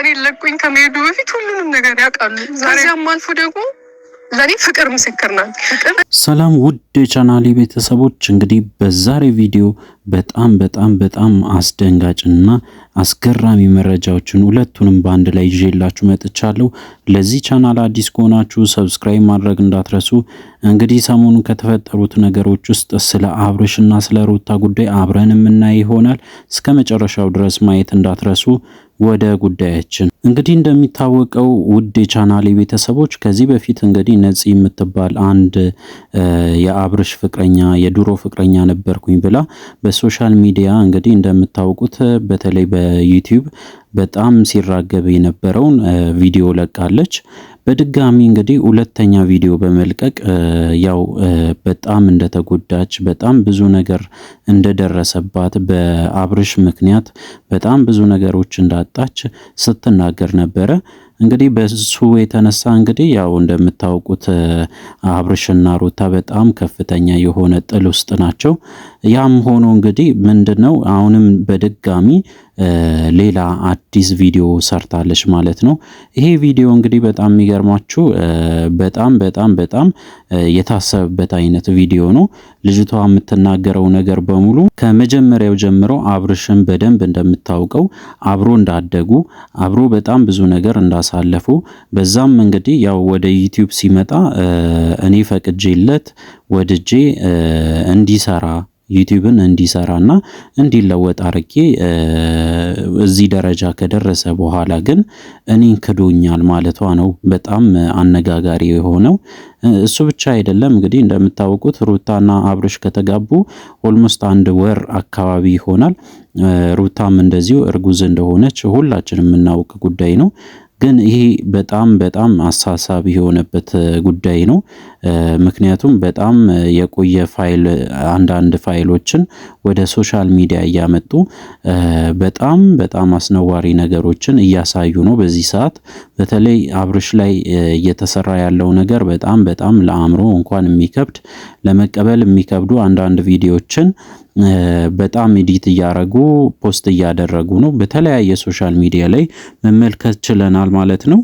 እኔ ለቁኝ ከመሄዱ በፊት ሁሉንም ነገር ያውቃሉ። ከዚያም አልፎ ደግሞ ለእኔ ፍቅር ምስክር ናት። ሰላም ውድ የቻናሌ ቤተሰቦች፣ እንግዲህ በዛሬ ቪዲዮ በጣም በጣም በጣም አስደንጋጭና አስገራሚ መረጃዎችን ሁለቱንም በአንድ ላይ ይዤላችሁ መጥቻለሁ። ለዚህ ቻናል አዲስ ከሆናችሁ ሰብስክራይብ ማድረግ እንዳትረሱ። እንግዲህ ሰሞኑን ከተፈጠሩት ነገሮች ውስጥ ስለ አብርሽና ስለ ሩታ ጉዳይ አብረን የምናይ ይሆናል። እስከ መጨረሻው ድረስ ማየት እንዳትረሱ። ወደ ጉዳያችን እንግዲህ እንደሚታወቀው ውድ የቻናሌ ቤተሰቦች ከዚህ በፊት እንግዲህ ነፂ የምትባል አንድ የአብርሽ ፍቅረኛ የድሮ ፍቅረኛ ነበርኩኝ ብላ በ ሶሻል ሚዲያ እንግዲህ እንደምታውቁት በተለይ በዩቲዩብ በጣም ሲራገብ የነበረውን ቪዲዮ ለቃለች። በድጋሚ እንግዲህ ሁለተኛ ቪዲዮ በመልቀቅ ያው በጣም እንደተጎዳች በጣም ብዙ ነገር እንደደረሰባት በአብርሽ ምክንያት በጣም ብዙ ነገሮች እንዳጣች ስትናገር ነበረ። እንግዲህ በሱ የተነሳ እንግዲህ ያው እንደምታውቁት አብርሽና ሩታ በጣም ከፍተኛ የሆነ ጥል ውስጥ ናቸው። ያም ሆኖ እንግዲህ ምንድነው አሁንም በድጋሚ ሌላ አዲስ ቪዲዮ ሰርታለች ማለት ነው። ይሄ ቪዲዮ እንግዲህ በጣም የሚገርማችሁ በጣም በጣም በጣም የታሰበበት አይነት ቪዲዮ ነው። ልጅቷ የምትናገረው ነገር በሙሉ ከመጀመሪያው ጀምሮ አብርሽን በደንብ እንደምታውቀው አብሮ እንዳደጉ አብሮ በጣም ብዙ ነገር እንዳሳለፉ በዛም እንግዲህ ያው ወደ ዩቲዩብ ሲመጣ እኔ ፈቅጄለት ወድጄ እንዲሰራ ዩቲዩብን እንዲሰራና እንዲለወጥ አርጌ እዚህ ደረጃ ከደረሰ በኋላ ግን እኔን ክዶኛል ማለቷ ነው በጣም አነጋጋሪ የሆነው። እሱ ብቻ አይደለም እንግዲህ እንደምታወቁት ሩታና አብርሽ ከተጋቡ ኦልሞስት አንድ ወር አካባቢ ይሆናል። ሩታም እንደዚሁ እርጉዝ እንደሆነች ሁላችን የምናውቅ ጉዳይ ነው። ግን ይሄ በጣም በጣም አሳሳቢ የሆነበት ጉዳይ ነው። ምክንያቱም በጣም የቆየ ፋይል አንዳንድ ፋይሎችን ወደ ሶሻል ሚዲያ እያመጡ በጣም በጣም አስነዋሪ ነገሮችን እያሳዩ ነው። በዚህ ሰዓት በተለይ አብርሽ ላይ እየተሰራ ያለው ነገር በጣም በጣም ለአእምሮ እንኳን የሚከብድ ለመቀበል የሚከብዱ አንዳንድ ቪዲዮችን በጣም ኤዲት እያደረጉ ፖስት እያደረጉ ነው። በተለያየ ሶሻል ሚዲያ ላይ መመልከት ችለናል ማለት ነው።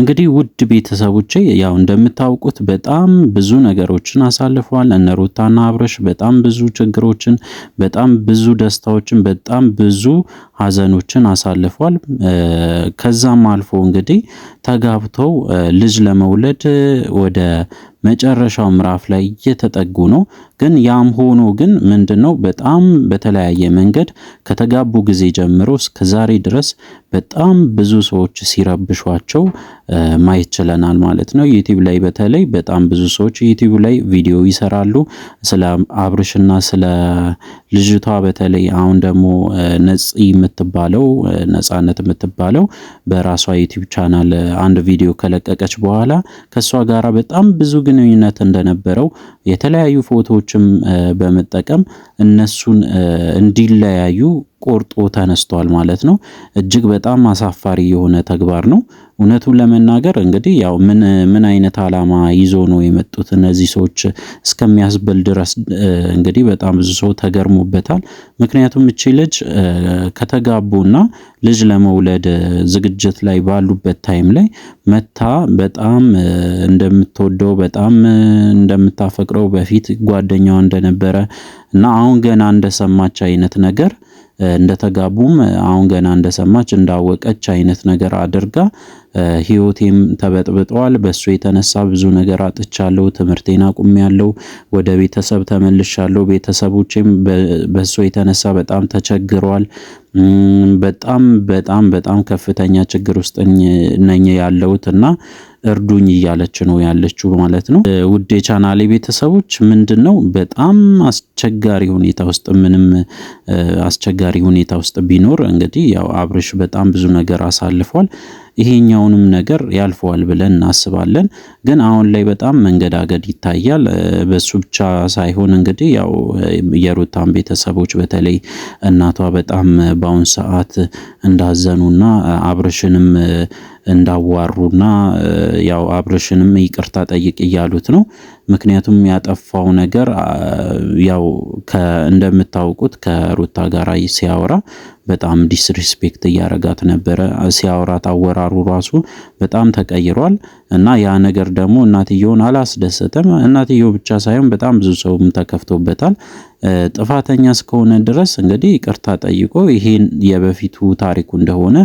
እንግዲህ ውድ ቤተሰቦቼ ያው እንደምታውቁት በጣም ብዙ ነገሮችን አሳልፈዋል። እነ ሩታና አብረሽ በጣም ብዙ ችግሮችን፣ በጣም ብዙ ደስታዎችን፣ በጣም ብዙ ሀዘኖችን አሳልፏል። ከዛም አልፎ እንግዲህ ተጋብተው ልጅ ለመውለድ ወደ መጨረሻው ምዕራፍ ላይ እየተጠጉ ነው። ግን ያም ሆኖ ግን ምንድነው በጣም በተለያየ መንገድ ከተጋቡ ጊዜ ጀምሮ እስከ ዛሬ ድረስ በጣም ብዙ ሰዎች ሲረብሿቸው ማየት ችለናል ማለት ነው። ዩቲዩብ ላይ በተለይ በጣም ብዙ ሰዎች ዩቲዩብ ላይ ቪዲዮ ይሰራሉ ስለ አብርሽና ስለ ልጅቷ በተለይ አሁን ደግሞ ነጽ የምትባለው ነጻነት የምትባለው በራሷ ዩቲዩብ ቻናል አንድ ቪዲዮ ከለቀቀች በኋላ ከእሷ ጋራ በጣም ብዙ ግንኙነት እንደነበረው የተለያዩ ፎቶዎችም በመጠቀም እነሱን እንዲለያዩ ቆርጦ ተነስቷል ማለት ነው። እጅግ በጣም አሳፋሪ የሆነ ተግባር ነው። እውነቱን ለመናገር እንግዲህ ያው ምን ምን አይነት ዓላማ ይዞ ነው የመጡት እነዚህ ሰዎች እስከሚያስብል ድረስ እንግዲህ በጣም ብዙ ሰው ተገርሞበታል። ምክንያቱም እቺ ልጅ ከተጋቡና ልጅ ለመውለድ ዝግጅት ላይ ባሉበት ታይም ላይ መታ በጣም እንደምትወደው በጣም እንደምታፈቅረው በፊት ጓደኛዋ እንደነበረ እና አሁን ገና እንደሰማች አይነት ነገር እንደተጋቡም አሁን ገና እንደሰማች እንዳወቀች አይነት ነገር አድርጋ ህይወቴም ተበጥብጠዋል። በሱ የተነሳ ብዙ ነገር አጥቻለሁ። ትምህርቴን አቁሜያለሁ። ወደ ቤተሰብ ተመልሻለሁ። ቤተሰቦቼም በሱ የተነሳ በጣም ተቸግሯል። በጣም በጣም በጣም ከፍተኛ ችግር ውስጥ ነኝ ያለሁት እና እርዱኝ እያለች ነው ያለችው ማለት ነው። ውድ የቻናሌ ቤተሰቦች ምንድን ነው በጣም አስቸጋሪ ሁኔታ ውስጥ ምንም አስቸጋሪ ሁኔታ ውስጥ ቢኖር እንግዲህ ያው አብርሽ በጣም ብዙ ነገር አሳልፏል። ይሄኛውንም ነገር ያልፈዋል ብለን እናስባለን። ግን አሁን ላይ በጣም መንገዳገድ ይታያል። በሱ ብቻ ሳይሆን እንግዲህ ያው የሩታን ቤተሰቦች በተለይ እናቷ በጣም በአሁን ሰዓት እንዳዘኑና አብርሽንም እንዳዋሩና ያው አብርሽንም ይቅርታ ጠይቅ እያሉት ነው። ምክንያቱም ያጠፋው ነገር ያው እንደምታውቁት ከሩታ ጋር ሲያወራ በጣም ዲስሪስፔክት እያረጋት ነበረ። ሲያወራት አወራሩ ራሱ በጣም ተቀይሯል እና ያ ነገር ደግሞ እናትየውን አላስደሰተም። እናትየው ብቻ ሳይሆን በጣም ብዙ ሰውም ተከፍቶበታል። ጥፋተኛ እስከሆነ ድረስ እንግዲህ ይቅርታ ጠይቆ ይሄን የበፊቱ ታሪኩ እንደሆነ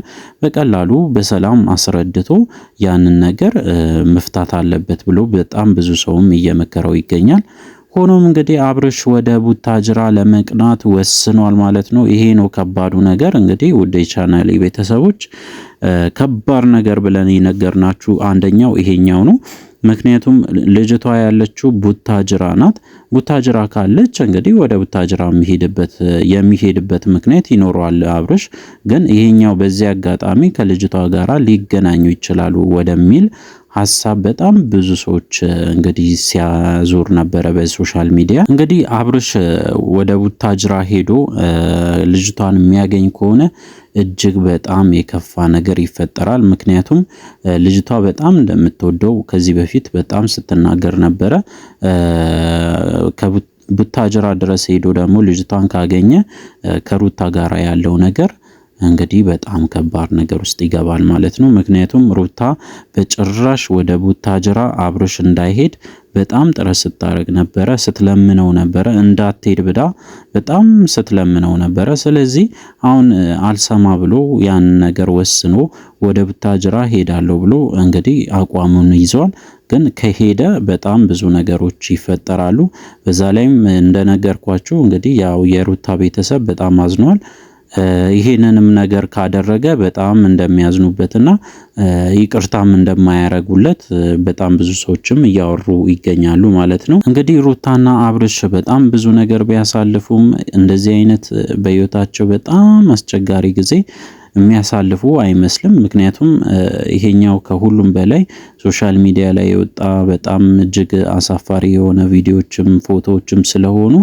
በቀላሉ በሰላም አስረድቶ ያንን ነገር መፍታት አለበት ብሎ በጣም ብዙ ሰውም እያ እየመከረው ይገኛል። ሆኖም እንግዲህ አብርሽ ወደ ቡታጅራ ለመቅናት ወስኗል ማለት ነው። ይሄ ነው ከባዱ ነገር። እንግዲህ ውድ ቻናል ቤተሰቦች ከባድ ነገር ብለን የነገርናችሁ አንደኛው ይሄኛው ነው። ምክንያቱም ልጅቷ ያለችው ቡታጅራ ናት። ቡታጅራ ካለች እንግዲህ ወደ ቡታጅራ የሚሄድበት የሚሄድበት ምክንያት ይኖረዋል አብርሽ። ግን ይሄኛው በዚህ አጋጣሚ ከልጅቷ ጋራ ሊገናኙ ይችላሉ ወደሚል ሀሳብ በጣም ብዙ ሰዎች እንግዲህ ሲያዞር ነበረ በሶሻል ሚዲያ። እንግዲህ አብርሽ ወደ ቡታጅራ ሄዶ ልጅቷን የሚያገኝ ከሆነ እጅግ በጣም የከፋ ነገር ይፈጠራል። ምክንያቱም ልጅቷ በጣም እንደምትወደው ከዚህ በፊት በጣም ስትናገር ነበረ። ከቡታጅራ ድረስ ሄዶ ደግሞ ልጅቷን ካገኘ ከሩታ ጋር ያለው ነገር እንግዲህ በጣም ከባድ ነገር ውስጥ ይገባል ማለት ነው። ምክንያቱም ሩታ በጭራሽ ወደ ቡታጅራ አብርሽ እንዳይሄድ በጣም ጥረት ስታደርግ ነበረ፣ ስትለምነው ነበረ፣ እንዳትሄድ ብዳ በጣም ስትለምነው ነበረ። ስለዚህ አሁን አልሰማ ብሎ ያን ነገር ወስኖ ወደ ቡታጅራ ሄዳለሁ ብሎ እንግዲህ አቋሙን ይዟል። ግን ከሄደ በጣም ብዙ ነገሮች ይፈጠራሉ። በዛ ላይም እንደነገርኳችሁ እንግዲህ ያው የሩታ ቤተሰብ በጣም አዝኗል። ይሄንንም ነገር ካደረገ በጣም እንደሚያዝኑበትና ይቅርታም እንደማያረጉለት በጣም ብዙ ሰዎችም እያወሩ ይገኛሉ ማለት ነው። እንግዲህ ሩታና አብርሽ በጣም ብዙ ነገር ቢያሳልፉም እንደዚህ አይነት በህይወታቸው በጣም አስቸጋሪ ጊዜ የሚያሳልፉ አይመስልም። ምክንያቱም ይሄኛው ከሁሉም በላይ ሶሻል ሚዲያ ላይ የወጣ በጣም እጅግ አሳፋሪ የሆነ ቪዲዮዎችም ፎቶዎችም ስለሆኑ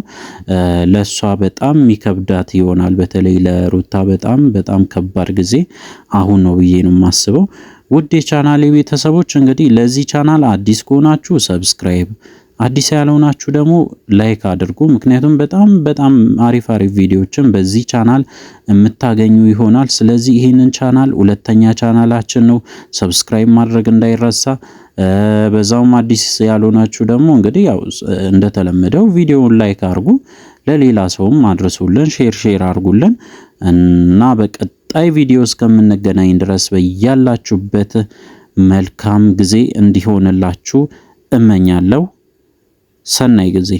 ለእሷ በጣም ይከብዳት ይሆናል። በተለይ ለሩታ በጣም በጣም ከባድ ጊዜ አሁን ነው ብዬ ነው የማስበው። ውድ የቻናል ቤተሰቦች እንግዲህ ለዚህ ቻናል አዲስ ከሆናችሁ ሰብስክራይብ አዲስ ያልሆናችሁ ደግሞ ላይክ አድርጉ። ምክንያቱም በጣም በጣም አሪፍ አሪፍ ቪዲዮዎችን በዚህ ቻናል የምታገኙ ይሆናል። ስለዚህ ይህንን ቻናል ሁለተኛ ቻናላችን ነው፣ ሰብስክራይብ ማድረግ እንዳይረሳ። በዛውም አዲስ ያልሆናችሁ ደግሞ እንግዲህ ያው እንደተለመደው ቪዲዮውን ላይክ አድርጉ፣ ለሌላ ሰውም አድርሱልን፣ ሼር ሼር አድርጉልን እና በቀጣይ ቪዲዮ እስከምንገናኝ ድረስ በያላችሁበት መልካም ጊዜ እንዲሆንላችሁ እመኛለሁ። ሰናይ ጊዜ